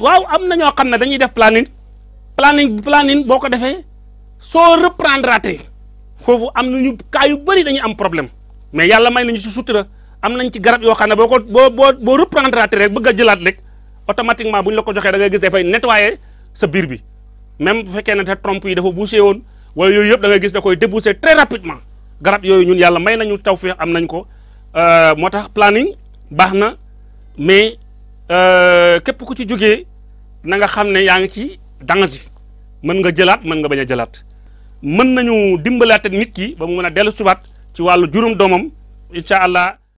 waaw am na ñoo xam ne dañuy def planning planning planning boo ko defee soo reprendre até foofu am nañu cas yu bëri dañuy am problème mais yàlla may nañu ci sutura am nañ ci garab yoo xam ne boo ko boo boo boo reprendre até rek bëgg a jëlaat rek bu ñu la ko joxee da ngay gis dafay nettoyer sa biir bi même bu fekkee ne te trompe yi dafa bouché woon wala yooyu yëpp da ngay gis da koy débouché très rapidement garab yooyu ñun yàlla may nañu tawfeex am nañ ko euh, moo tax planning baax na mais Euh, képp ku ci jóge na nga xam ne yaa ngi ci danger mën nga jëlaat mën nga bañ a jëlaat mën nañu dimbalaate nit ki ba mu mën a dellu subaat ci wàllu juróom doomam incha allah